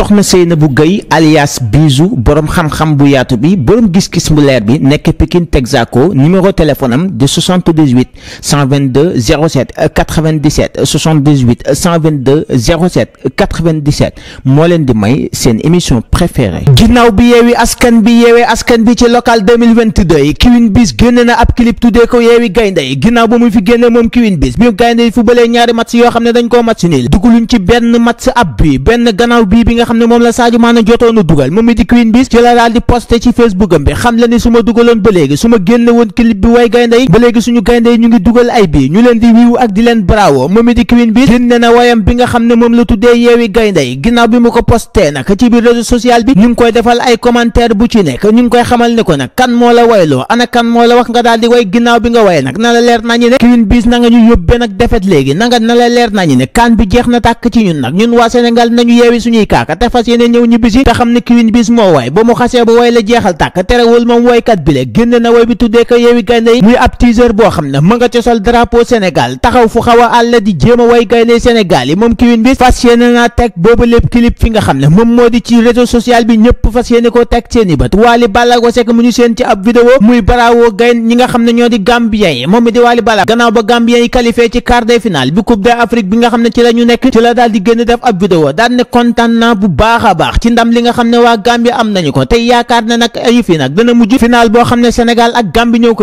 soxna Seynabou Gueye alias Bijou borom xam-xam bu yaatu bi borom gis-gis mu leer bi nekk Pikine Texaco numéro téléphone am di 78 122 07 97 moo leen di may seen émission préférée. ginnaaw bi yeewi askan bi yeewee askan bi ci local 2022 yi Queen Biz génne na ab clip tuddee ko yeewi gaynde yi ginnaaw ba mu fi génne moom Queen Biz bi gaynde yi fu balee ñaari match yoo xam ne dañ koo match nii duguluñ ci benn match ab bi benn gannaaw bii bi nga xam ne moom la Sadio Mané jotoonu dugal moom mi di Queen Biz ci di posté ci Facebook am bi xam la ni su ma dugaloon ba léegi suma ma génne woon clip bi way gaynde yi ba léegi suñu gaynde yi ñu ngi dugal ay bii ñu leen di wiiw ak di leen bravo moom mi di Queen Biz génne na wayam bi nga xam ne moom la tuddee yeewi gaynde yi ginnaaw bi mu ko posté nag ci biir réseau social bi ñu ngi koy defal ay commentaire bu ci nekk ñu ngi koy xamal ne ko nag kan moo la wayloo ana kan moo la wax nga daal di way ginnaaw bi nga waye nag na la leer nañu ne Queen Biz na nga ñu yóbbee nag defet na nga ne kan bi jeex na tàkk ci ñun nag ñun waa Sénégal nañu yeewi suñuy kaakat te fas yéene ñëw ñibbisi te xam ne Queen Biz moo waay ba mu xasee ba way la jeexal tàkk terewul moom woykat bi le génn na way bi tuddee ko yeewi gaynde yi ab teaser boo xam ne ma nga ca sol drapeau Sénégal taxaw fu xaw a àll di jéem a way gaynde Sénégal yi moom Queen Biz fas yéene naa teg boobu lépp clip fi nga xam ne moom moo di ci réseau social bi ñëpp fas yéene koo teg seeni bët Wally Ballago Seck mu ñu seen ci ab vidéo muy bravo gaynde ñi nga xam ne ñoo di Gambien moom mi di Wally Ballago gannaaw ba Gambien yi qualifié ci quart de finale bi Coupe d'Afrique xam ne ci la ñu nekk ci la daal di génn def ab vidéo baax a baax ci ndam li nga xam ne waa Gambie am nañu ko tey yaakaar na nag ayu fi nag dana mujj final boo xam ne Sénégal ak Gambie ñu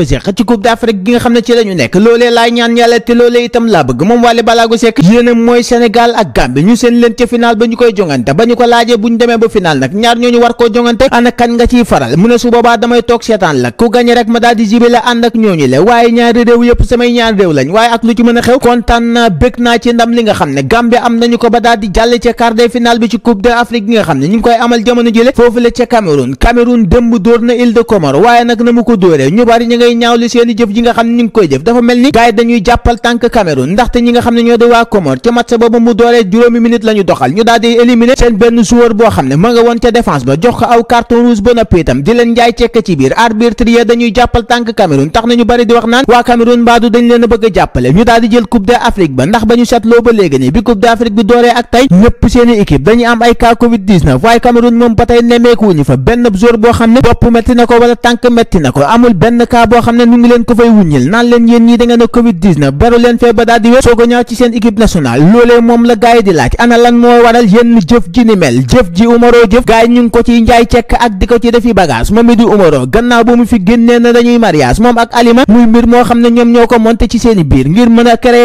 seen leen ca final ba ñu koy jongante ba ñu ko laajee bu ñu demee ba final nag ñaar ñooñu war koo jongante ana kan nga ciy faral mu ne su boobaa damay toog seetaan la ku gañe rek ma daal di jibe ànd ak ñooñu le waaye ñaari réew yëpp samay ñaari réew lañ waaye ak lu ci mën a xew kontaan naa bëgg naa ci ndam li nga coupe d'Afrique bi nga xam ne ñu ngi koy amal jamono jële foofu la ca Cameroun Cameroun démb na Île de Comores waaye nag na mu ko dóoree ñu bari ñu ngay ñaawlu seeni jëf ji nga xam ne ñu ngi koy jëf dafa mel ni gars dañuy jàppal tànk Cameroun ndaxte ñi nga xam ne ñoo di waa Comores ca match boobu mu dooree juróomi minute la doxal ñu daal di seen benn joueur boo xam ne ma nga woon ca défense ba jox ko aw carton rouge ba noppi di leen njaay cekk ci a bëgg a jàppale cas covid waaye Cameroun moom ba tey nemeekuwuñu fa da ngeen a covid a ni mel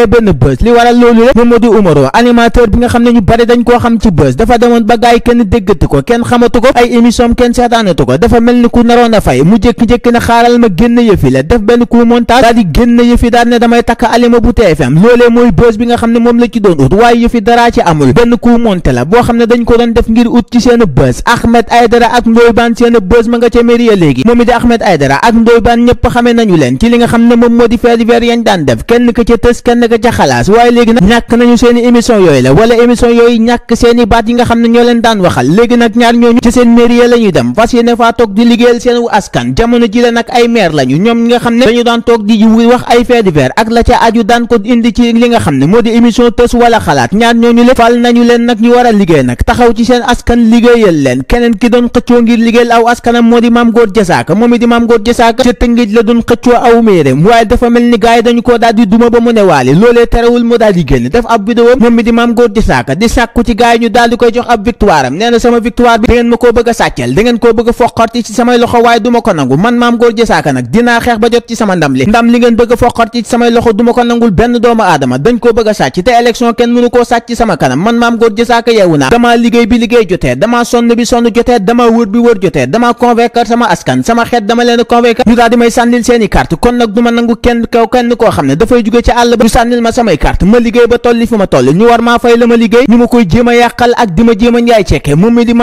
benn buzz li waral loolu le moom moo di Umaro animateur bi nga xam ne ñu bari dañ koo xam ci buzz dafa demoon woon ba gaay kenn déggatu ko kenn xamatu ko ay émission kenn seetaanatu ko dafa mel ni ku naroon a fay mu jékki-jékki ne xaaral ma génn yëfi la def benn coup montage daal di génn yëfi daal ne damay takk alima bu TFM loolee mooy bës bi nga xam ne moom la ci doon ut waaye yëfi daraa ci amul benn coup la boo xam ne dañ ko doon def ngir ut ci seen bës Ahmed Aidara ak Ndoye Bane seen bës ma nga ca mairie léegi moom it di Ahmed Aidara ak Ndoye Bane ñëpp xamee nañu moo di faits divers yañ daan def kenn ka ca tës kenn ka ca xalaas ñoo leen daan waxal léegi nag ñaar ñooñu ci seen mairie ya la ñuy dem fas yéene faa toog di liggéeyal seen wu askan jamono ji la nag ay maire lañu ñoom ñi nga xam ne dañu daan toog di wax ay fait divers ak la ca aju daan ko indi ci li nga xam ne moo di émission tës wala xalaat ñaar ñooñu le fal nañu leen nag ñu war a liggéey nag taxaw ci seen askan liggéeyal leen keneen ki doon xëccoo ngir liggéeyal aw askanam moo di maam góor jasaaka moom i di maam góor jasaaka ca tëngij la doon xëccoo aw méeréem waaye dafa mel ni gaay dañu koo daal di duma ba mu newaale loolee terewul mu daal di génn def ab vidéo moom mi di maam góor jasaaka di sàkku ci gaay ñu daal di koy jox ab ab victoire am nee na sama victoire bi da ma koo bëgg a sàccal da ngeen koo bëgg a foqarti ci samay loxo waaye du ma ko nangu man maam góor jësaaka nag dinaa xeex ba jot ci sama ndam a foqarti ci samay loxo du a sàcc te élection liggéey bi liggéey jotee damaa sonn bi sonn jotee damaa wër bi wër jotee damaa convaincre sama askan sama xeet dama leen convaincre ñu daal di may sànnil seeni carte kon nag du nangu kenn kaw kenn koo xam ne dafay jóge ci àll ba sànnil ma samay carte ma liggéey ba tolli fi ma toll ñu war maa fay la ma Ibrahima Ndiaye Cekke moom mi di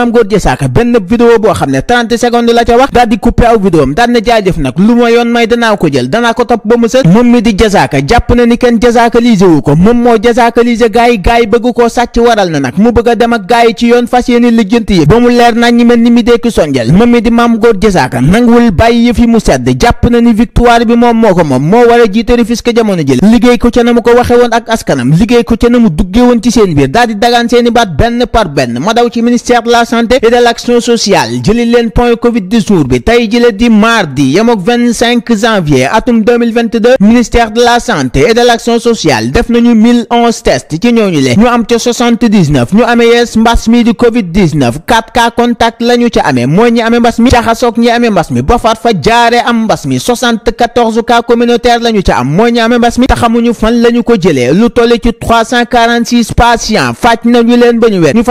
Mame gaay gaay bëgg koo sàcc waral na nag mu bëgg a dem ak gaay ci yoon fas yéene lijjanti yi ba mu leer nañ ni mi dékki sonjal moom mi di Mame Gor Diazaka nanguwul bàyyi yi mu sedd jàpp na ni victoire bi moom moo ko moom moo war a jiite Rufisque jamono jël liggéey ko ca na mu ko waxe ak askanam liggéey ko ca na mu dugge ci seen biir daal dagaan seeni baat benn par benn ma daw ci ministère de la santé et de l'action sociale jëli leen point covid 19 bi tey jële di mardi yem ak 25 janvier atum 2022 ministère de la santé et de l'action sociale def nañu 1011 tests ci ñooñu le ñu am ca 79 ñu amee yees mbas mi di covid 19 4 cas contact la ñu ca amee mooy ñi amee mbas mi caxasoog ñi amee mbas mi ba faat fa jaare am mbas mi 74 cas communautaire la ñu ca am mooy ñi amee mbas mi taxamuñu fan la ñu ko jëlee lu toll ci 346 patients faj nañu leen ba ñu wér ñu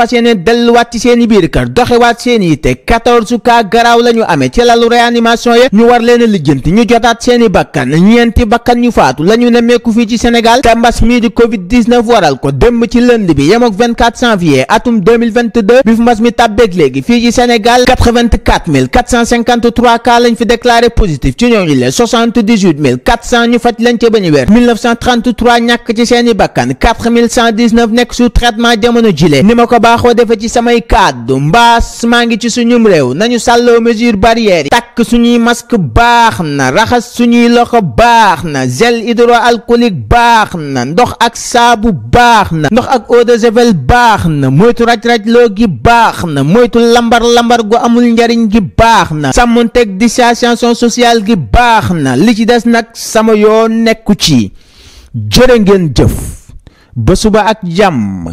delluwaat ci seen i biir kër doxewaat seen i te quatorze cas garaaw la ñu amee ci lalu réanimation ya ñu war leen a ñu jotaat seen i bakkan ñeenti bakkan ñu faatu la ñu nemmeeku fii ci Sénégal te mbas mii di covid 19 waral ko démb ci lënd bi yemook 24 janvier atum 2022 bi fu mbas mi tàbbeeg léegi fii ci Sénégal 84 453 cas lañ fi déclaré positif ci ñooñu leen 78 ñu faj lañ ca ba ñu ci seen bakkan nekk sous traitement jamono jile ni ma ko baaxoo def ci samay kàddu mbaas maa ngi ci suñum réew nañu sàlloo mesure barrière takk suñuy masque baax na raxas suñuy loxo baax na gel hydroalcoolique baax na ndox ak saabu baax na ndox ak eau baax na moytu raj-raj loo gi baax na moytu lambar-lambar gu amul njariñ gi baax na sàmmonteeg distanciation sociale gi baax na li ci des nag sama yoon nekku ci jërë ngeen jëf ba suba ak jàmm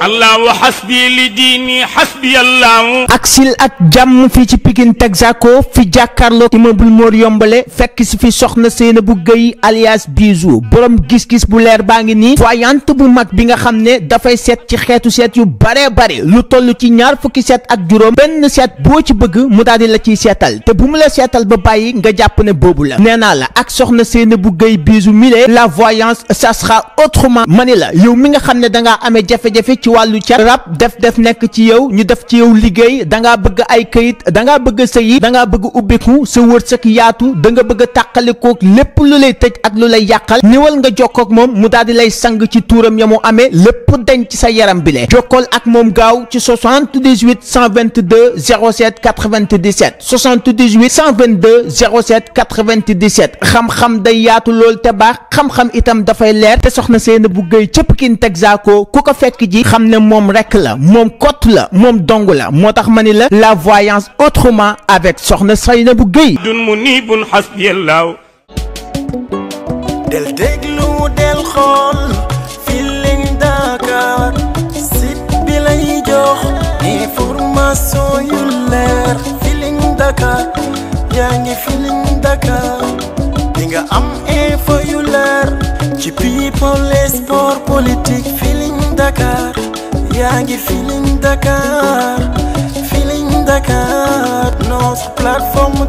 allahu xasbi li diini xasbi allahu aksil ak jàmm fii ci Pikine Texaco fi jàkkaarloo immeuble Mor Yombale fekk si fi soxna Seynabou Gueye alias Bijou borom gis-gis bu leer baa ngi nii voyante bu mag bi nga xam ne dafay seet ci xeetu seet yu bare bare lu toll ci ñaar fukki seet ak juróom benn seet boo ci bëgg mu daal di la ciy seetal te bu mu la seetal ba bàyyi nga jàpp ne boobu la nee naa la ak soxna Seynabou Gueye Bijou mi la voyance ça sera autrement mani la yow mi nga xam ne dangaa amee jafe-jafe ci wàllu cat rab def def nekk ci yow ñu def ci yow liggéey dangaa bëgg ay kayit dangaa bëgg a sëyi dangaa bëgg ubbiku sa wërsëg yaatu danga bëgg a tàqalikoog lépp lu lay tëj ak lu lay yàqal niwal nga jokkook moom mu daal di lay sang ci tuuram ya mu amee lépp denc ci sa yaram bi le jokkool ak moom gaaw ci 78 122 07 97 78 122 07 97 xam-xam day yaatu lool te baax xam-xam itam dafay leer te soxna seen bu gëy cëpp kin teg zaako ku ko fekk ji xam ne moom rek la moom kott la moom la moo tax ma ni la la voyance autrement avec soxna Seynabou Guèye dun mu nii bun del déglu del xool Feeling Dakar site bi Dakar yaa am info yu ci people sport politique Dakar yaa ngi Feeling Dakar Feeling Dakar notre plateforme